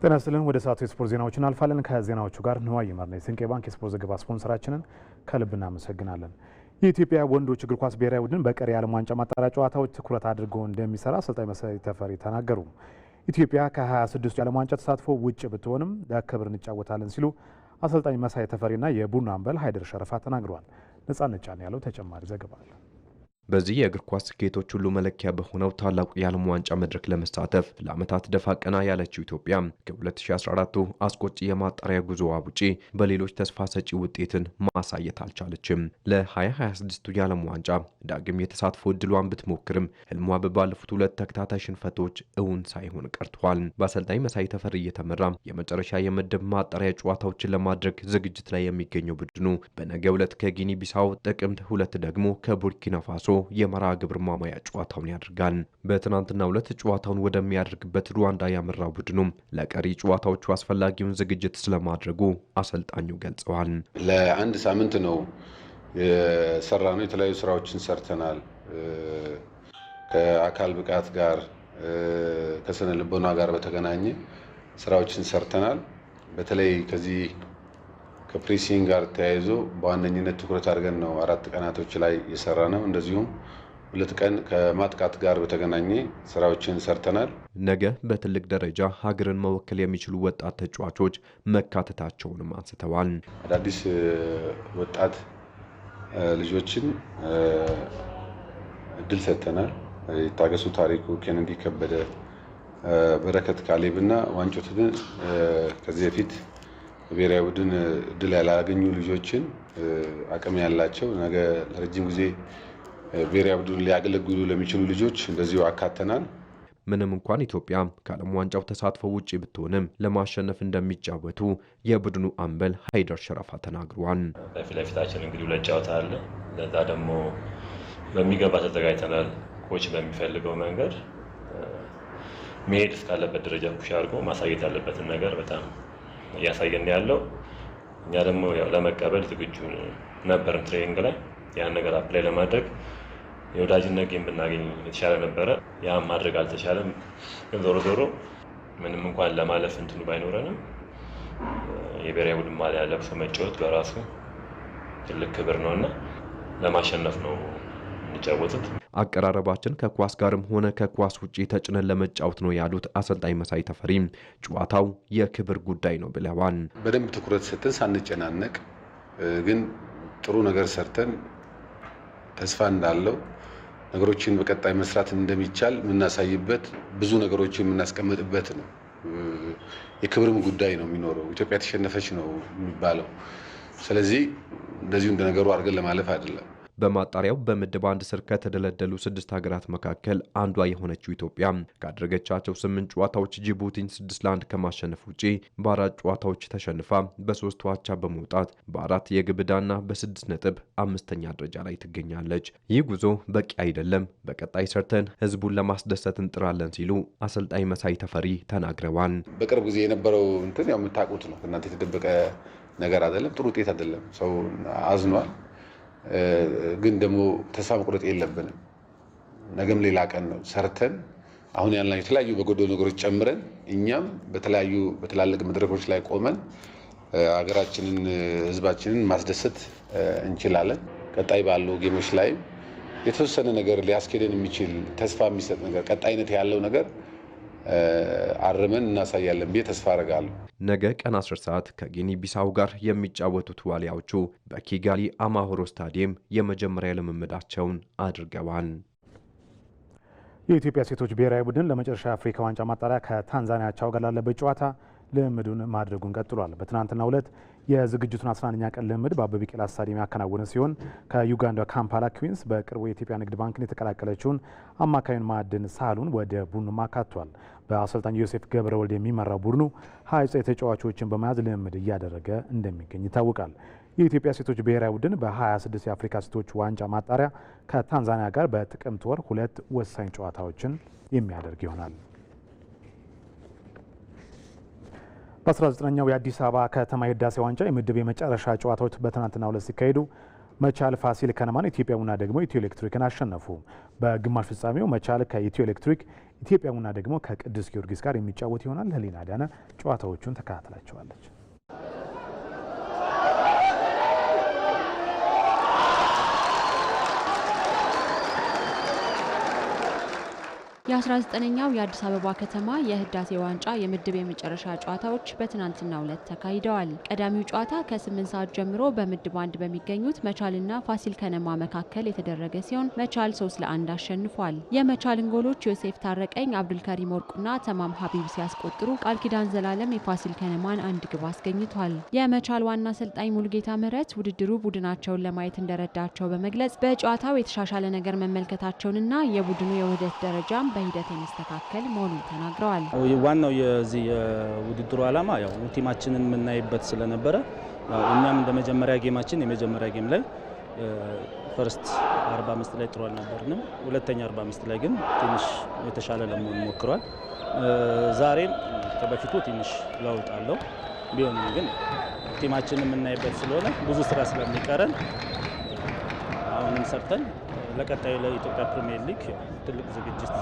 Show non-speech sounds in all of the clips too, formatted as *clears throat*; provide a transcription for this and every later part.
ጤና ይስጥልን። ወደ ሰዓቱ የስፖርት ዜናዎች እናልፋለን። ከዜናዎቹ ጋር ነዋይ ይመር ነው። የስንቄ ባንክ የስፖርት ዘገባ ስፖንሰራችንን ከልብ እናመሰግናለን። የኢትዮጵያ ወንዶች እግር ኳስ ብሔራዊ ቡድን በቀሪ የዓለም ዋንጫ ማጣሪያ ጨዋታዎች ትኩረት አድርጎ እንደሚሰራ አሰልጣኝ መሰሪ ተፈሪ ተናገሩ። ኢትዮጵያ ከ26 የዓለም ዋንጫ ተሳትፎ ውጭ ብትሆንም ለክብር እንጫወታለን ሲሉ አሰልጣኝ መሳይ ተፈሪና የቡና አምበል ሀይደር ሸረፋ ተናግረዋል። ነጻነት ጫን ያለው ተጨማሪ ዘገባ በዚህ የእግር ኳስ ስኬቶች ሁሉ መለኪያ በሆነው ታላቁ የዓለም ዋንጫ መድረክ ለመሳተፍ ለዓመታት ደፋ ቀና ያለችው ኢትዮጵያ ከ2014 አስቆጪ የማጣሪያ ጉዞዋ ውጪ በሌሎች ተስፋ ሰጪ ውጤትን ማሳየት አልቻለችም። 2026 የዓለም ዋንጫ ዳግም የተሳትፎ እድሏን ብትሞክርም ህልሟ በባለፉት ሁለት ተከታታይ ሽንፈቶች እውን ሳይሆን ቀርቷል። በአሰልጣኝ መሳይ ተፈሪ እየተመራ የመጨረሻ የምድብ ማጣሪያ ጨዋታዎችን ለማድረግ ዝግጅት ላይ የሚገኘው ቡድኑ በነገ ሁለት ከጊኒ ቢሳው፣ ጥቅምት ሁለት ደግሞ ከቡርኪና ፋሶ የመርሃ ግብር ማማያ ጨዋታውን ያደርጋል። በትናንትናው ዕለት ጨዋታውን ወደሚያደርግበት ሩዋንዳ ያመራው ቡድኑም ለቀሪ ጨዋታዎቹ አስፈላጊውን ዝግጅት ስለማድረጉ አሰልጣኙ ገልጸዋል። ለአንድ ሳምንት ነው የሰራ ነው። የተለያዩ ስራዎችን ሰርተናል። ከአካል ብቃት ጋር ከስነ ልቦና ጋር በተገናኘ ስራዎችን ሰርተናል። በተለይ ከዚህ ከፕሬሲንግ ጋር ተያይዞ በዋነኝነት ትኩረት አድርገን ነው አራት ቀናቶች ላይ የሰራ ነው። እንደዚሁም ሁለት ቀን ከማጥቃት ጋር በተገናኘ ስራዎችን ሰርተናል። ነገ በትልቅ ደረጃ ሀገርን መወከል የሚችሉ ወጣት ተጫዋቾች መካተታቸውንም አንስተዋል። አዳዲስ ወጣት ልጆችን እድል ሰጥተናል። የታገሱ ታሪኩ፣ ኬኔዲ ከበደ፣ በረከት ካሌብ እና ዋንጮትን ከዚህ በፊት ብሔራዊ ቡድን እድል ያላገኙ ልጆችን አቅም ያላቸው ነገ ለረጅም ጊዜ ብሔራዊ ቡድን ሊያገለግሉ ለሚችሉ ልጆች እንደዚሁ አካተናል። ምንም እንኳን ኢትዮጵያ ከዓለም ዋንጫው ተሳትፎ ውጪ ብትሆንም ለማሸነፍ እንደሚጫወቱ የቡድኑ አምበል ሀይደር ሸረፋ ተናግሯል። በፊት ለፊታችን እንግዲህ ሁለት ጨዋታ አለ። ለዛ ደግሞ በሚገባ ተዘጋጅተናል። ኮች በሚፈልገው መንገድ መሄድ እስካለበት ደረጃ ኩሽ አድርጎ ማሳየት ያለበትን ነገር በጣም እያሳየን ያለው። እኛ ደግሞ ለመቀበል ዝግጁ ነበርን። ትሬኒንግ ላይ ያን ነገር አፕላይ ለማድረግ የወዳጅነት ጌም ብናገኝ የተሻለ ነበረ። ያ ማድረግ አልተቻለም። ግን ዞሮ ዞሮ ምንም እንኳን ለማለፍ እንትኑ ባይኖረንም የብሔራዊ ቡድን ማሊያ ለብሶ መጫወት በራሱ ትልቅ ክብር ነው እና ለማሸነፍ ነው የሚጫወቱት። አቀራረባችን ከኳስ ጋርም ሆነ ከኳስ ውጪ ተጭነን ለመጫወት ነው ያሉት አሰልጣኝ መሳይ ተፈሪ ጨዋታው የክብር ጉዳይ ነው ብለዋል። በደንብ ትኩረት ሰጥተን ሳንጨናነቅ ግን ጥሩ ነገር ሰርተን ተስፋ እንዳለው ነገሮችን በቀጣይ መስራት እንደሚቻል የምናሳይበት ብዙ ነገሮችን የምናስቀምጥበት ነው። የክብርም ጉዳይ ነው የሚኖረው። ኢትዮጵያ ተሸነፈች ነው የሚባለው። ስለዚህ እንደዚሁ እንደነገሩ አድርገን ለማለፍ አይደለም። በማጣሪያው በምድብ አንድ ስር ከተደለደሉ ስድስት ሀገራት መካከል አንዷ የሆነችው ኢትዮጵያ ካደረገቻቸው ስምንት ጨዋታዎች ጅቡቲን ስድስት ለአንድ ከማሸነፍ ውጪ በአራት ጨዋታዎች ተሸንፋ በሶስት ዋቻ በመውጣት በአራት የግብ ዕዳና በስድስት ነጥብ አምስተኛ ደረጃ ላይ ትገኛለች። ይህ ጉዞ በቂ አይደለም፣ በቀጣይ ሰርተን ህዝቡን ለማስደሰት እንጥራለን ሲሉ አሰልጣኝ መሳይ ተፈሪ ተናግረዋል። በቅርብ ጊዜ የነበረው እንትን ያው የምታውቁት ነው። እናንተ የተደበቀ ነገር አይደለም። ጥሩ ውጤት አይደለም። ሰው አዝኗል። ግን ደግሞ ተስፋ መቁረጥ የለብንም። ነገም ሌላ ቀን ነው። ሰርተን አሁን ያልናቸው የተለያዩ በጎዶ ነገሮች ጨምረን እኛም በተለያዩ በትላልቅ መድረኮች ላይ ቆመን ሀገራችንን፣ ህዝባችንን ማስደሰት እንችላለን። ቀጣይ ባሉ ጌሞች ላይም የተወሰነ ነገር ሊያስኬደን የሚችል ተስፋ የሚሰጥ ነገር ቀጣይነት ያለው ነገር አርመን እናሳያለን ብዬ ተስፋ አረጋለሁ። ነገ ቀን 10 ሰዓት ከጊኒ ቢሳው ጋር የሚጫወቱት ዋሊያዎቹ በኪጋሊ አማሆሮ ስታዲየም የመጀመሪያ ልምምዳቸውን አድርገዋል። የኢትዮጵያ ሴቶች ብሔራዊ ቡድን ለመጨረሻ አፍሪካ ዋንጫ ማጣሪያ ከታንዛኒያ አቻው ጋር ላለበት ጨዋታ ልምምዱን ማድረጉን ቀጥሏል። በትናንትናው ዕለት የዝግጅቱን 11ኛ ቀን ልምምድ በአበበ ቢቂላ ስታዲየም ያከናወነ ሲሆን ከዩጋንዳ ካምፓላ ኩዊንስ በቅርቡ የኢትዮጵያ ንግድ ባንክን የተቀላቀለችውን አማካዩን ማዕድን ሳህሉን ወደ ቡድኑ አካቷል። በአሰልጣኝ ዮሴፍ ገብረ ወልድ የሚመራው ቡድኑ ሀያ ዘጠኝ ተጫዋቾችን በመያዝ ልምምድ እያደረገ እንደሚገኝ ይታወቃል። የኢትዮጵያ ሴቶች ብሔራዊ ቡድን በ26 የአፍሪካ ሴቶች ዋንጫ ማጣሪያ ከታንዛኒያ ጋር በጥቅምት ወር ሁለት ወሳኝ ጨዋታዎችን የሚያደርግ ይሆናል። በ19ኛው የአዲስ አበባ ከተማ የህዳሴ ዋንጫ የምድብ የመጨረሻ ጨዋታዎች በትናንትናው ዕለት ሲካሄዱ መቻል ፋሲል ከነማን፣ ኢትዮጵያ ቡና ደግሞ ኢትዮ ኤሌክትሪክን አሸነፉ። በግማሽ ፍጻሜው መቻል ከኢትዮ ኤሌክትሪክ ኢትዮጵያ ቡና ደግሞ ከቅዱስ ጊዮርጊስ ጋር የሚጫወት ይሆናል። ህሊና ዳነ ጨዋታዎቹን ተከታትላቸዋለች። የ19ኛው የአዲስ አበባ ከተማ የህዳሴ ዋንጫ የምድብ የመጨረሻ ጨዋታዎች በትናንትናው ሁለት ተካሂደዋል። ቀዳሚው ጨዋታ ከ8 ሰዓት ጀምሮ በምድብ አንድ በሚገኙት መቻልና ፋሲል ከነማ መካከል የተደረገ ሲሆን መቻል 3 ለአንድ አሸንፏል። የመቻልን ጎሎች ዮሴፍ ታረቀኝ፣ አብዱልከሪም ወርቁና ተማም ሀቢብ ሲያስቆጥሩ ቃል ኪዳን ዘላለም የፋሲል ከነማን አንድ ግብ አስገኝቷል። የመቻል ዋና አሰልጣኝ ሙልጌታ ምህረት ውድድሩ ቡድናቸውን ለማየት እንደረዳቸው በመግለጽ በጨዋታው የተሻሻለ ነገር መመልከታቸውንና የቡድኑ የውህደት ደረጃም በሂደት የሚስተካከል መሆኑን ተናግረዋል። ዋናው የዚህ የውድድሩ ዓላማ ያው ቲማችንን የምናይበት ስለነበረ እኛም እንደ መጀመሪያ ጌማችን የመጀመሪያ ጌም ላይ ፈርስት 45 ላይ ጥሩ አልነበርንም። ሁለተኛ 45 ላይ ግን ትንሽ የተሻለ ለመሆን ሞክሯል። ዛሬ ከበፊቱ ትንሽ ለውጥ አለው። ቢሆንም ግን ቲማችን የምናይበት ስለሆነ ብዙ ስራ ስለሚቀረን አሁንም ሰርተን ለቀጣዩ ለኢትዮጵያ ፕሪሚየር ሊግ ትልቅ ዝግጅት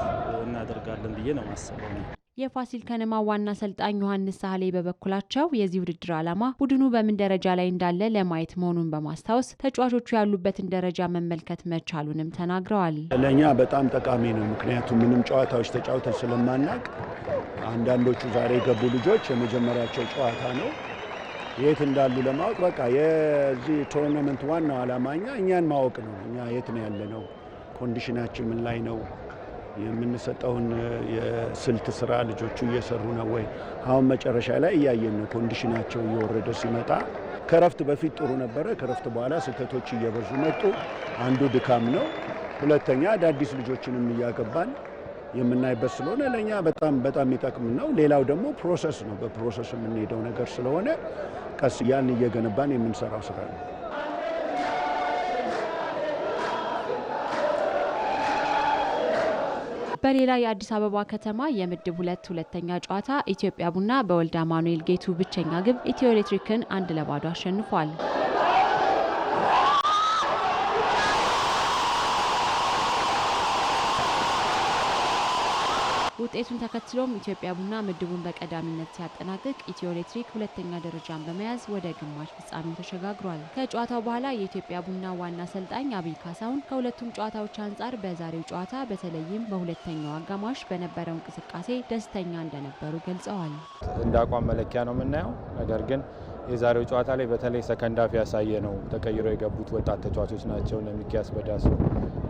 እናደርጋለን ብዬ ነው ማስበው የፋሲል ከነማ ዋና አሰልጣኝ ዮሐንስ ሳህሌ በበኩላቸው የዚህ ውድድር ዓላማ ቡድኑ በምን ደረጃ ላይ እንዳለ ለማየት መሆኑን በማስታወስ ተጫዋቾቹ ያሉበትን ደረጃ መመልከት መቻሉንም ተናግረዋል። ለእኛ በጣም ጠቃሚ ነው። ምክንያቱም ምንም ጨዋታዎች ተጫውተን ስለማናቅ አንዳንዶቹ ዛሬ የገቡ ልጆች የመጀመሪያቸው ጨዋታ ነው የት እንዳሉ ለማወቅ በቃ የዚህ ቶርናመንት ዋናው አላማኛ እኛን ማወቅ ነው። እኛ የት ነው ያለ ነው፣ ኮንዲሽናችን ምን ላይ ነው፣ የምንሰጠውን የስልት ስራ ልጆቹ እየሰሩ ነው ወይ? አሁን መጨረሻ ላይ እያየን ነው። ኮንዲሽናቸው እየወረደ ሲመጣ ከረፍት በፊት ጥሩ ነበረ። ከረፍት በኋላ ስህተቶች እየበዙ መጡ። አንዱ ድካም ነው። ሁለተኛ አዳዲስ ልጆችንም እያገባን የምናይበት ስለሆነ ለእኛ በጣም በጣም ይጠቅም ነው። ሌላው ደግሞ ፕሮሰስ ነው። በፕሮሰስ የምንሄደው ነገር ስለሆነ ቀስ ያን እየገነባን የምንሰራው ስራ ነው። በሌላ የአዲስ አበባ ከተማ የምድብ ሁለት ሁለተኛ ጨዋታ ኢትዮጵያ ቡና በወልድ አማኑኤል ጌቱ ብቸኛ ግብ ኢትዮ ኤሌክትሪክን አንድ ለባዶ አሸንፏል። ውጤቱን ተከትሎም ኢትዮጵያ ቡና ምድቡን በቀዳሚነት ሲያጠናቅቅ ኢትዮ ኤሌክትሪክ ሁለተኛ ደረጃን በመያዝ ወደ ግማሽ ፍጻሜው ተሸጋግሯል። ከጨዋታው በኋላ የኢትዮጵያ ቡና ዋና አሰልጣኝ አብይ ካሳሁን ከሁለቱም ጨዋታዎች አንጻር በዛሬው ጨዋታ በተለይም በሁለተኛው አጋማሽ በነበረው እንቅስቃሴ ደስተኛ እንደነበሩ ገልጸዋል። እንደ አቋም መለኪያ ነው የምናየው። ነገር ግን የዛሬው ጨዋታ ላይ በተለይ ሰከንድ ያሳየ ነው። ተቀይሮ የገቡት ወጣት ተጫዋቾች ናቸው። እነ በዳሶ፣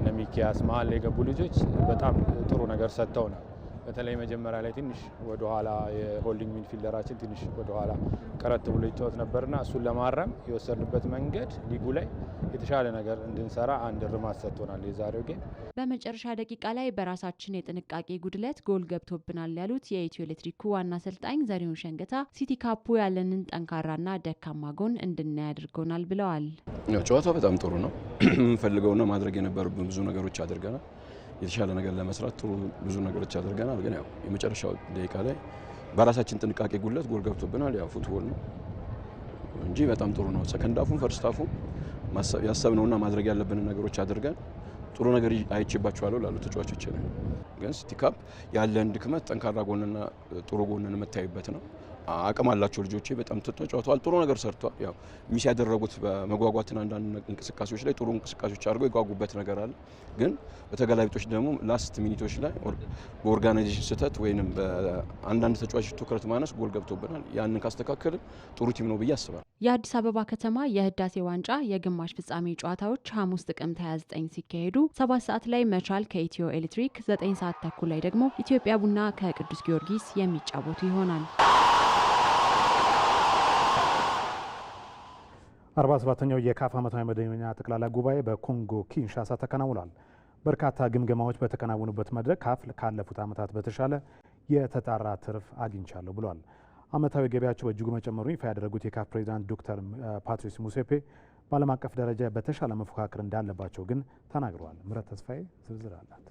እነ ሚኪያስ መሀል የገቡ ልጆች በጣም ጥሩ ነገር ሰጥተው ነው በተለይ መጀመሪያ ላይ ትንሽ ወደኋላ የሆልዲንግ ሚንፊልደራችን ትንሽ ወደኋላ ቀረት ብሎ ይጫወት ነበርና እሱን ለማረም የወሰድንበት መንገድ ሊጉ ላይ የተሻለ ነገር እንድንሰራ አንድ ርማት ሰጥቶናል የዛሬው ጌም። በመጨረሻ ደቂቃ ላይ በራሳችን የጥንቃቄ ጉድለት ጎል ገብቶብናል ያሉት የኢትዮ ኤሌክትሪኩ ዋና አሰልጣኝ ዘሪሁን ሸንገታ ሲቲ ካፑ ያለንን ጠንካራና ደካማ ጎን እንድናይ አድርጎናል ብለዋል። ጨዋታው በጣም ጥሩ ነው። *clears throat* የምንፈልገውና ማድረግ የነበሩብን ብዙ ነገሮች አድርገናል። የተሻለ ነገር ለመስራት ጥሩ ብዙ ነገሮች አድርገናል። ግን ያው የመጨረሻው ደቂቃ ላይ በራሳችን ጥንቃቄ ጉለት ጎል ገብቶብናል። ያው ፉትቦል ነው እንጂ በጣም ጥሩ ነው። ሰከንድ አፉም ፈርስት አፉን ያሰብነውና ማድረግ ያለብንን ነገሮች አድርገን ጥሩ ነገር አይቼባቸዋለሁ ላሉ ተጫዋቾች ግን ሲቲ ካፕ ያለን ድክመት ጠንካራ ጎንና ጥሩ ጎንን የምታይበት ነው። አቅም አላቸው ልጆቼ። በጣም ተጫውተዋል፣ ጥሩ ነገር ሰርቷል። ያው ሚስ ያደረጉት በመጓጓትና አንዳንድ እንቅስቃሴዎች ላይ ጥሩ እንቅስቃሴዎች አድርገው የጓጉበት ነገር አለ። ግን በተገላቢጦች ደግሞ ላስት ሚኒቶች ላይ በኦርጋናይዜሽን ስህተት ወይም በአንዳንድ ተጫዋች ትኩረት ማነስ ጎል ገብቶብናል። ያንን ካስተካከልን ጥሩ ቲም ነው ብዬ አስባለሁ። የአዲስ አበባ ከተማ የህዳሴ ዋንጫ የግማሽ ፍጻሜ ጨዋታዎች ሐሙስ ጥቅምት 29 ሲካሄዱ ሰባት ሰዓት ላይ መቻል ከኢትዮ ኤሌክትሪክ፣ 9 ሰዓት ተኩል ላይ ደግሞ ኢትዮጵያ ቡና ከቅዱስ ጊዮርጊስ የሚጫወቱ ይሆናል። አርባ ሰባተኛው የካፍ ዓመታዊ መደበኛ ጠቅላላ ጉባኤ በኮንጎ ኪንሻሳ ተከናውኗል። በርካታ ግምገማዎች በተከናወኑበት መድረክ ካፍ ካለፉት ዓመታት በተሻለ የተጣራ ትርፍ አግኝቻለሁ ብሏል። ዓመታዊ ገቢያቸው በእጅጉ መጨመሩን ይፋ ያደረጉት የካፍ ፕሬዚዳንት ዶክተር ፓትሪስ ሙሴፔ በዓለም አቀፍ ደረጃ በተሻለ መፎካከር እንዳለባቸው ግን ተናግረዋል። ምረት ተስፋዬ ዝርዝር አላት።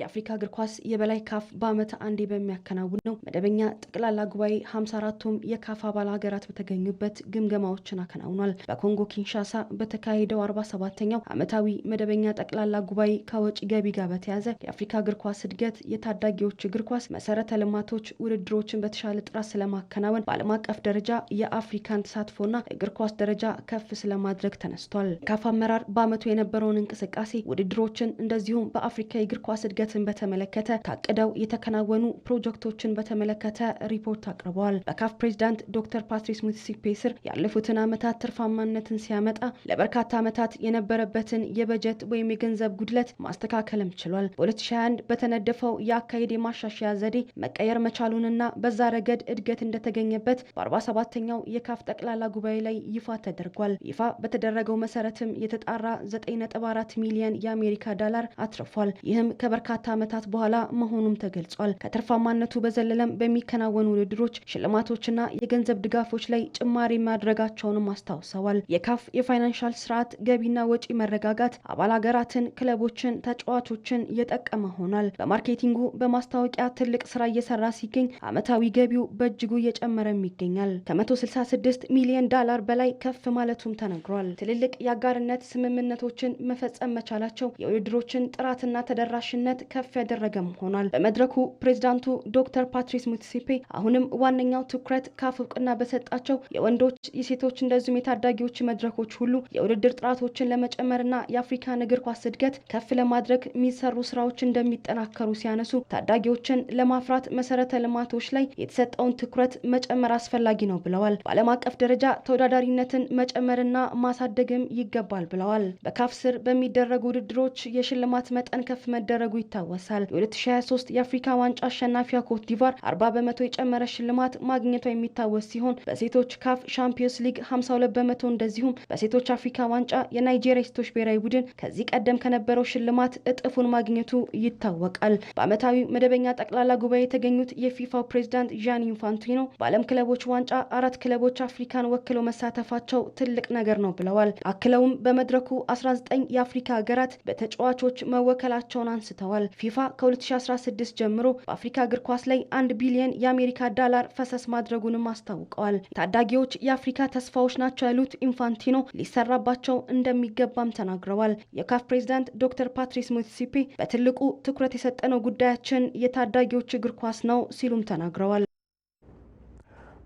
የአፍሪካ እግር ኳስ የበላይ ካፍ በዓመት አንዴ በሚያከናውነው መደበኛ ጠቅላላ ጉባኤ ሀምሳ አራቱም የካፍ አባል ሀገራት በተገኙበት ግምገማዎችን አከናውኗል። በኮንጎ ኪንሻሳ በተካሄደው አርባ ሰባተኛው ዓመታዊ መደበኛ ጠቅላላ ጉባኤ ከወጪ ገቢ ጋር በተያዘ የአፍሪካ እግር ኳስ እድገት፣ የታዳጊዎች እግር ኳስ መሰረተ ልማቶች፣ ውድድሮችን በተሻለ ጥራት ስለማከናወን በዓለም አቀፍ ደረጃ የአፍሪካን ተሳትፎና እግር ኳስ ደረጃ ከፍ ስለማድረግ ተነስቷል። ካፍ አመራር በዓመቱ የነበረውን እንቅስቃሴ ውድድሮችን እንደዚሁም በአፍሪካ የእግር ኳስ እድገት እድገትን በተመለከተ ታቅደው የተከናወኑ ፕሮጀክቶችን በተመለከተ ሪፖርት አቅርበዋል። በካፍ ፕሬዚዳንት ዶክተር ፓትሪስ ሙሲፔ ስር ያለፉትን ዓመታት ትርፋማነትን ሲያመጣ ለበርካታ ዓመታት የነበረበትን የበጀት ወይም የገንዘብ ጉድለት ማስተካከልም ችሏል። በ2021 በተነደፈው የአካሄድ የማሻሻያ ዘዴ መቀየር መቻሉንና በዛ ረገድ እድገት እንደተገኘበት በ47ኛው የካፍ ጠቅላላ ጉባኤ ላይ ይፋ ተደርጓል። ይፋ በተደረገው መሰረትም የተጣራ 9.4 ሚሊዮን የአሜሪካ ዶላር አትርፏል። ይህም ከበርካታ ከበርካታ ዓመታት በኋላ መሆኑም ተገልጿል። ከትርፋማነቱ በዘለለም በሚከናወኑ ውድድሮች ሽልማቶችና የገንዘብ ድጋፎች ላይ ጭማሪ ማድረጋቸውንም አስታውሰዋል። የካፍ የፋይናንሻል ስርዓት ገቢና ወጪ መረጋጋት አባል ሀገራትን፣ ክለቦችን፣ ተጫዋቾችን የጠቀመ ሆኗል። በማርኬቲንጉ በማስታወቂያ ትልቅ ስራ እየሰራ ሲገኝ ዓመታዊ ገቢው በእጅጉ እየጨመረም ይገኛል። ከ166 ሚሊዮን ዳላር በላይ ከፍ ማለቱም ተነግሯል። ትልልቅ የአጋርነት ስምምነቶችን መፈጸም መቻላቸው የውድድሮችን ጥራትና ተደራሽነት ከፍ ያደረገም ሆኗል። በመድረኩ ፕሬዚዳንቱ ዶክተር ፓትሪስ ሙትሲፔ አሁንም ዋነኛው ትኩረት ካፍ እውቅና በሰጣቸው የወንዶች የሴቶች፣ እንደዚሁም የታዳጊዎች መድረኮች ሁሉ የውድድር ጥራቶችን ለመጨመርና የአፍሪካን እግር ኳስ እድገት ከፍ ለማድረግ የሚሰሩ ስራዎች እንደሚጠናከሩ ሲያነሱ ታዳጊዎችን ለማፍራት መሰረተ ልማቶች ላይ የተሰጠውን ትኩረት መጨመር አስፈላጊ ነው ብለዋል። በዓለም አቀፍ ደረጃ ተወዳዳሪነትን መጨመርና ማሳደግም ይገባል ብለዋል። በካፍ ስር በሚደረጉ ውድድሮች የሽልማት መጠን ከፍ መደረጉ ይታወሳል። የ2023 የአፍሪካ ዋንጫ አሸናፊዋ ኮት ዲቫር 40 በመቶ የጨመረ ሽልማት ማግኘቷ የሚታወስ ሲሆን በሴቶች ካፍ ሻምፒዮንስ ሊግ 52 በመቶ እንደዚሁም በሴቶች አፍሪካ ዋንጫ የናይጄሪያ ሴቶች ብሔራዊ ቡድን ከዚህ ቀደም ከነበረው ሽልማት እጥፉን ማግኘቱ ይታወቃል። በዓመታዊ መደበኛ ጠቅላላ ጉባኤ የተገኙት የፊፋው ፕሬዚዳንት ዣን ኢንፋንቲኖ በዓለም ክለቦች ዋንጫ አራት ክለቦች አፍሪካን ወክለው መሳተፋቸው ትልቅ ነገር ነው ብለዋል። አክለውም በመድረኩ 19 የአፍሪካ ሀገራት በተጫዋቾች መወከላቸውን አንስተዋል። ገልጿል። ፊፋ ከ2016 ጀምሮ በአፍሪካ እግር ኳስ ላይ አንድ ቢሊየን የአሜሪካ ዳላር ፈሰስ ማድረጉንም አስታውቀዋል። ታዳጊዎች የአፍሪካ ተስፋዎች ናቸው ያሉት ኢንፋንቲኖ ሊሰራባቸው እንደሚገባም ተናግረዋል። የካፍ ፕሬዚዳንት ዶክተር ፓትሪስ ሙሲፔ በትልቁ ትኩረት የሰጠነው ጉዳያችን የታዳጊዎች እግር ኳስ ነው ሲሉም ተናግረዋል።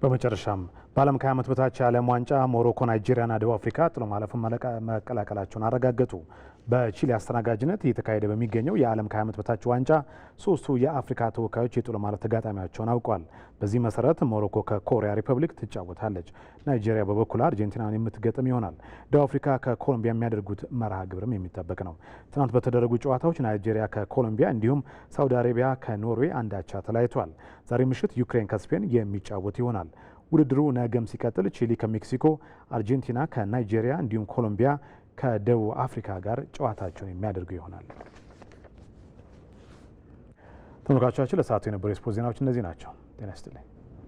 በመጨረሻም በዓለም ከዓመት በታች የዓለም ዋንጫ ሞሮኮ፣ ናይጄሪያና ደቡብ አፍሪካ ጥሎ ማለፍን መቀላቀላቸውን አረጋገጡ። በቺሊ አስተናጋጅነት እየተካሄደ በሚገኘው የዓለም ከ ዓመት በታች ዋንጫ ሶስቱ የአፍሪካ ተወካዮች የጥሎ ማለፍ ተጋጣሚያቸውን አውቋል። በዚህ መሰረት ሞሮኮ ከኮሪያ ሪፐብሊክ ትጫወታለች። ናይጄሪያ በበኩል አርጀንቲናን የምትገጥም ይሆናል። ደቡብ አፍሪካ ከኮሎምቢያ የሚያደርጉት መርሃ ግብርም የሚጠበቅ ነው። ትናንት በተደረጉ ጨዋታዎች ናይጄሪያ ከኮሎምቢያ እንዲሁም ሳውዲ አረቢያ ከኖርዌይ አንዳቻ ተለያይቷል። ዛሬ ምሽት ዩክሬን ከስፔን የሚጫወት ይሆናል። ውድድሩ ነገም ሲቀጥል ቺሊ ከሜክሲኮ፣ አርጀንቲና ከናይጄሪያ እንዲሁም ኮሎምቢያ ከደቡብ አፍሪካ ጋር ጨዋታቸውን የሚያደርጉ ይሆናል። ተመልካቾቻችን ለሰዓቱ የነበሩ የስፖርት ዜናዎች እነዚህ ናቸው። ጤና ይስጥልኝ።